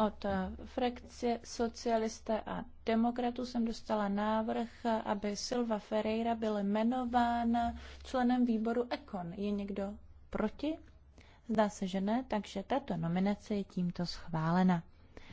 Od eh, frakce socialisté a demokratů jsem dostala návrh, aby Silva Ferreira byl jmenován členem výboru Econ. Je někdo proti? Zdá se, že ne, takže tato nominace je tímto schválena.